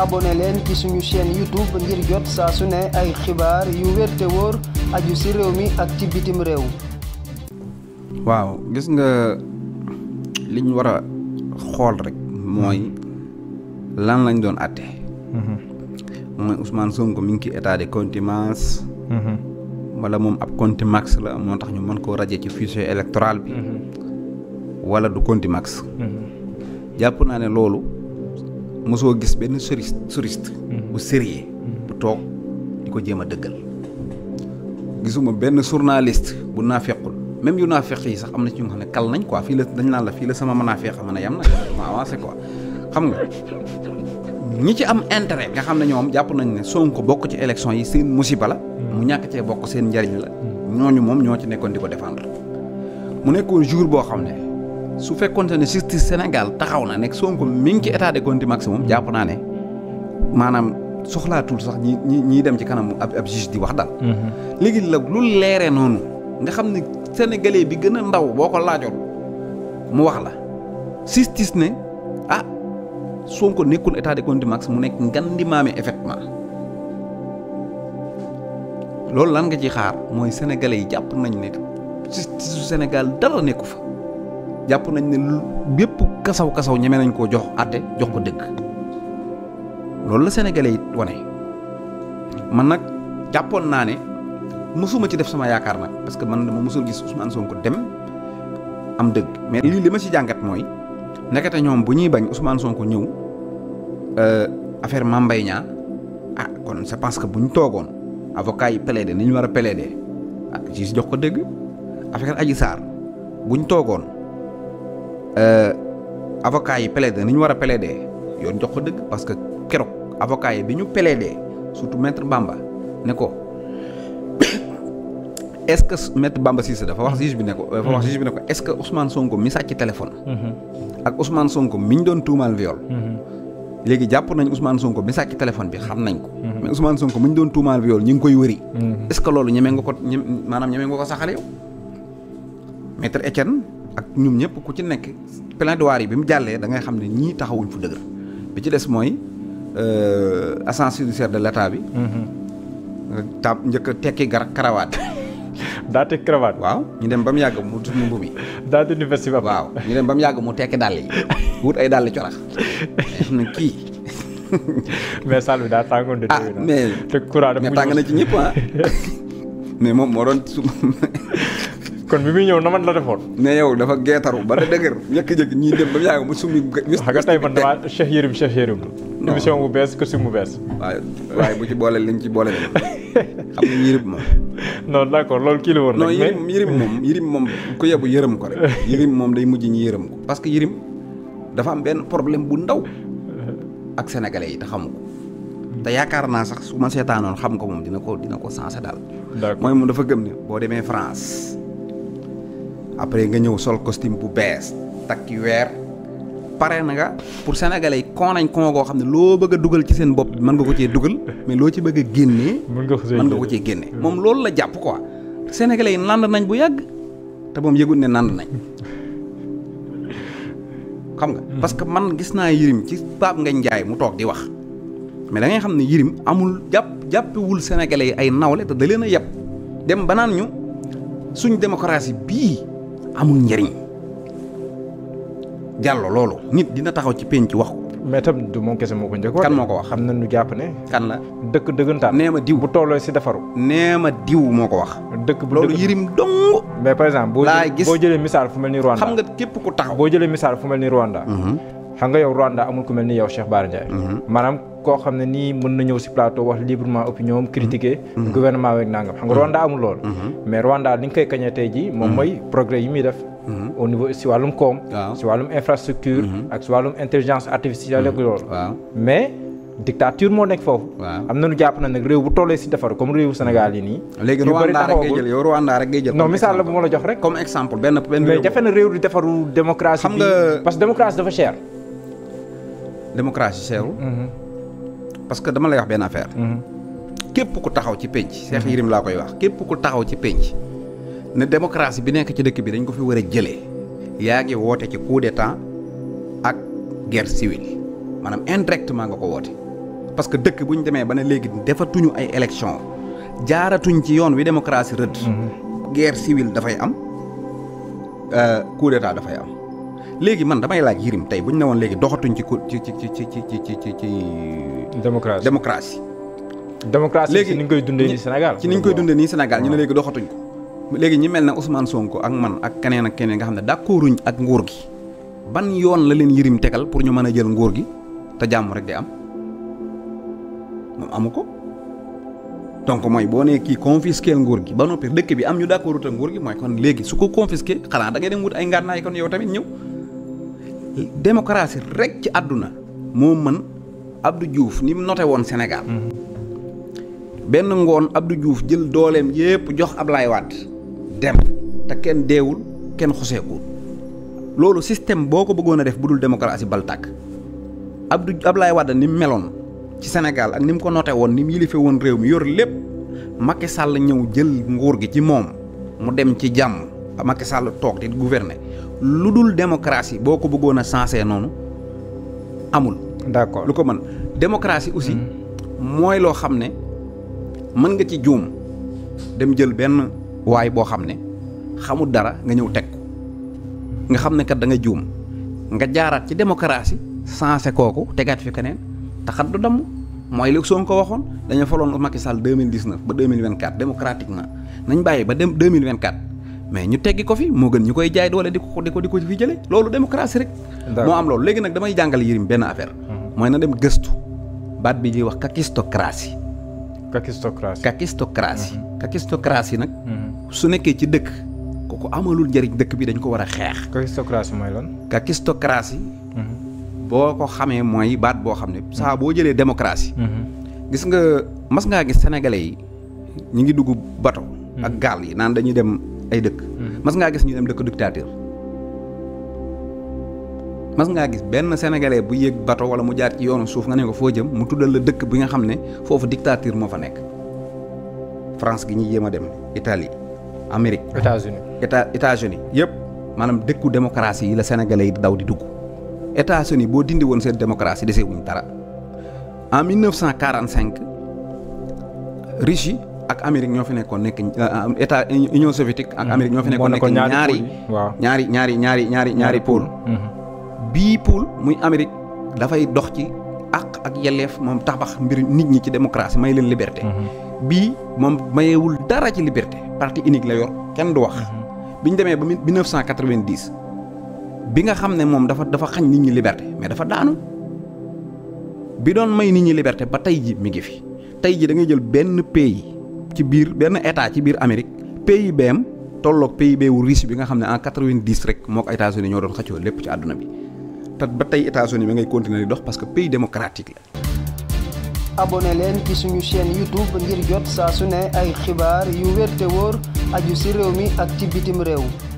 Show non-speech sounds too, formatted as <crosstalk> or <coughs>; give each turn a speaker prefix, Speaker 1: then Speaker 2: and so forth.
Speaker 1: abonné leen ci suñu chaîne YouTube ngir jot saa su ne ay xibaar yu wér te wóor aju si réew mi ak ci bitim réew. waaw gis nga liñ war a xool rek mooy lan lañ doon àtte. Mhm. mooy Ousmane Sonko mi ngi ci état de contumace. Mhm. wala moom ab contumax la moo tax ñu mën koo radier ci fichier électoral bi. Mhm. wala du contumax. jàpp naa ne loolu. mosoo gis benn touriste touriste mm-hmm. bu sérieux bu toog di ko jéem a dëggal gisuma benn journaliste bu naafequl même yu naafeq yi sax am na ci ñu nga xam ne kal nañ quoi fii la dañ naan la fii la sama naafeq mën a yem nag ma avancé quoi xam nga ñi ci am intérêt nga xam ne ñoom jàpp nañ ne Sonko bokk ci élection yi seen musiba la mm-hmm. mu ñàkk cee bokk seen njariñ la mm-hmm. ñooñu moom ñoo ci nekkoon di ko défendre mu nekkoon jour boo xam ne su fekkonte ne justice Sénégal taxaw na nekk Sonko mi ngi ci état de compte maximum jàpp naa ne maanaam soxlaatul sax ñi ñi ñiy dem ci kanamu ab ab di wax daal. Mm-hmm. léegi la lu leeree noonu nga xam ne sénégalais bi gën a ndaw boo ko laajoon mu wax la justice ne ah Sonko nekkul état de compte max mu nekk ngandimaame effectivement loolu lan nga ci xaar mooy sénégalais yi jàpp nañ ne justice su Sénégal dara nekku fa. jàpp nañ ne bépp kasaw kasaw ñeme nañ koo jox àtte jox ko dëgg loolu la sénégalais it wane man nag jàppoon naa ne mësuma ci def sama yaakaar nag parce que man dama mësul gis Ousmane Sonko dem am dëgg mais lii li ma ci jàngat mooy nekkate ñoom bu ñuy bañ Ousmane Sonko ñëw euh, affaire Mame ah kon c'est parce que bu ñu toogoon avocat yi plaider ni war a plaider ah ci jox ko dëgg affaire Adji bu ñu toogoon. Euh, avocat yi plaider ni ñu war a de yoon jox ko dëgg parce que keroog avocat yi bi ñu plaider surtout maître Bamba ne ko <coughs> est-ce que maître Bamba dafa wax juge bi ne ko. dafa wax mhm. juge bi ne ko est-ce son Ousmane Sonko mi sàcc téléphone. Mhm. ak mi ñu doon tuumaal viol. Mhm. léegi jàpp nañ Ousmane Sonko mi sàcc xam nañ ko. mais Ousmane Sonko mi ñu doon tuumaal viol ñu ngi koy wëri. est loolu ñeme nga ko ñem maanaam ñeme nga ko saxale yow maître Etienne. ak ñoom ñëpp ku ci nekk plaidoirie bi mu jàllee da ngay xam ne ñii taxawuñ fu dëgër bi ci des mooy euh, agence judiciaire de l'état bi. Mm-hmm. tab njëkk a tekki gar karawaat. <laughs> daa tekki karawaat. waaw ñu dem ba mu yàgg mu tudd mbubb yi. daa waaw ñu dem ba mu yàgg mu tekki dàll yi wut ay dàll corax na kii. <laughs> mais salle bi daa tàngoon de. ah mais mais tàng na ci ñëpp ah. <laughs> mais moom moo doon su kon bi muy ñëw na man la defoon. mais yow dafa geetaru ba da dëgër njëkk-njëkk ñiy dem ba mu yàgg mu summi. xam nga tey man damaa Cheikh Yérim bu bees costume bu bees. waaye bu ci booleel liñ ci boole la xam nga Yérim moom. non d' accord loolu kii la woon. non Yérim Yérim moom Yérim moom ku yebu yërëm ko rek. <laughs> Yérim moom day mujj ñu yërëm ko. parce que Yérim dafa am benn problème bu ndaw ak sénégalais yi te xamu ko. te yaakaar naa sax su ma seetaanoon xam ko moom dina ko dina ko sensé daal. mooy moom demee France. après nga ñëw sol costume bu bees takki weer pare na nga pour sénégalais yi koo nañ koo goo xam ne loo bëgg dugal ci seen bopp mën nga ko cee dugal mais loo ci bëgg a génnee mën ko cee génne hmm. moom loolu la jàpp quoi sénégalais yi nand nañ bu yàgg te moom yëgul ne nand nañ <laughs> xam nga hmm. parce que man gis naa yirim ci Pape Ngagne Ndiaye mu toog di wax mais da xam ne yirim amul jàpp jàppewul sénégalais yi ay nawle te da leen a yàpp dem banaan ñu suñ démocratie bii amul njariñ jàllo loolu nit dina taxaw ci penc wax ko. mais du moom kese moo ko njëkk kan moo ko wax xam na ñu jàpp ne. kan la dëkk dëggantaan. nee ma diw bu tolloo si defaru. nee ma diw moo ko wax. dëkk bu loolu yirim dong. mais par exemple boo jëlee misaal fu mel ni Rwanda. xam nga képp ku taxaw boo jëlee misaal fu mel ni Rwanda. Mhm. xam nga yow Rwanda amul ku mel ni yow Cheikh Bara Ndiaye mhm. maanaam koo xam ne nii mën na ñëw si plateau wax librement opinion am critiquer mhm. Mhm. gouvernement weeg nangam xam nga Rwanda amul lool mais Rwanda li nga koy kañee tey jii moom mooy progrès yi muy def au niveau si wàllum koom si wàllum infrastructure ak si wàllum intelligence artificielle ak loolu mais dictature moo nekk foofu am na ñu jàpp na nag réew bu tollee si defar comme réewu Sénégal yi nii léegi Rwanda rek ngay jël yow Rwanda rek ngay jël non misaal la bu ma la jox rek démocratie seerul mhm. parce que dama lay wax benn affaire mhm. képp ku taxaw ci pénc Cheikh Yérim laa koy wax képp ku taxaw ci pénc ne démocratie bi nekk ci dëkk bi dañ ko fi war a jëlee yaa ngi woote ci de d'état ak guerre civile maanaam indirectement nga ko woote parce que dëkk bu ñu demee ba ne léegi defatuñu ay élection jaaratuñ ci yoon wi démocratie rëdd mhm. guerre civile dafay am euh, coup d'état dafay am léegi man damay laaj Yérim tey bu ñu ne woon léegi doxatuñ ci ci ci ci ci ci ci ci. démocratie démocratie. démocratie ci ni ñu koy dundee nii Sénégal. ci ni ñu koy dundee nii Sénégal ñu ne léegi doxatuñ ko. léegi ñi mel ne Ousmane Sonko ak man ak keneen ak keneen nga xam ne d'accorduñ ak nguur gi ban yoon la leen Yérim tegal pour ñu mën a jël nguur gi te jàmm rek di am moom amu ko. donc mooy boo nee kii confisqué nguur gi ba noppi dëkk bi am ñu d'accord ak nguur gi mooy kon léegi su ko confisqué xanaa da ngay dem wut ay ngànnaay kon yow tamit ñëw. démocratie rekk ci àdduna moo mën abdu Diouf ni mu woon Sénégal. Mhm. benn ngoon abdu Diouf jël dooleem yépp jox Ablaye Wade dem te kenn deewul kenn xoseekuwul loolu système boo ko bëggoon a def bu dul démocratie bal tàkk Abdou Ablaye wàdd ni mu meloon ci Sénégal ak ni mu ko noté woon ni mu yilife woon réew mi yor lépp Macky ñëw jël nguur gi ci moom mu dem ci jàmm Macky Sall toog di gouverner lu dul démocratie boo ko bëggoon a sensé noonu amul. d'accord lu ko mën démocratie aussi. Hmm. mooy loo xam ne mën nga ci juum dem jël benn waay boo xam ne xamul dara nga ñëw teg ko nga xam ne kat da nga juum nga jaaraat ci démocratie sensé kooku tegaat fi keneen taxat du damm mooy li Sonko waxoon dañoo faloon Macky ba 2024 démocratiquement nañ bàyyi ba dem 2024. mais ñu teggi ko fi moo gën ñu koy jaay doole di ko di ko di ko fi jëlee loolu démocratie rek. moo am loolu léegi nag damay jàngal Yérim benn affaire. Mhm. mooy na dem gëstu baat bi ñuy wax kakistocratie. kakistocratie kakistocratie. Mhm. kakistocratie nag. Mhm. su nekkee ci dëkk ko amalul njëriñ dëkk bi dañ ko war a xeex. kakistocratie mooy lan. kakistocratie. boo ko xamee mooy baat boo xam ne saa boo jëlee démocratie. gis nga mas ngaa gis sénégalais yi ñu ngi dugg bato. ak gaal yi naan dañuy dem. ay dëkk. Mm-hmm. mas ngaa gis ñu dem dëkk dictateur mas ngaa gis benn sénégalais bu yéeg bato wala mu jaar ci yoonu suuf nga ne ko foo jëm mu tuddal la dëkk bi nga xam ne foofu dictature moo fa nekk. France gi ñu yéem a dem itali Amérique. États-Unis état États-Unis yëpp maanaam dëkku démocratie yi la sénégalais yi daw di dugg États-Unis boo dindi woon seen démocratie desee wuñ dara en 1945 ak Amérique ñoo fi nekkoon nekk euh, état Union mm-hmm. ñoo fi nekkoon nekk ñaari ñaari ñaari ñaari ñaari ñaari pôle mm-hmm. bii pôle muy Amérique dafay dox ci àq ak yelleef moom tabax mbir nit ñi ci démocratie may leen liberté mm-hmm. bii moom mayewul dara ci liberté parti unique la yor kenn du wax bi ñu demee ba 1990 bi nga xam ne moom dafa dafa xañ nit ñi liberté mais dafa daanu bi doon may nit ñi liberté ba tey ji mi ngi fi ji da jël benn pays ci biir benn état ci biir Amérique PIB am tolloog PIB wu riche bi nga xam ne en quatre-vingt-dix rek moo ko États-Unis ñoo doon xëccoo lépp ci àdduna bi te ba tey états bi ngay continuer di dox parce que pays démocratique la. abone leen ci suñu chaîne YouTube ngir jot saa su ne ay xibaar yu wér te wóor aju ci réew mi ak ci bitim réew.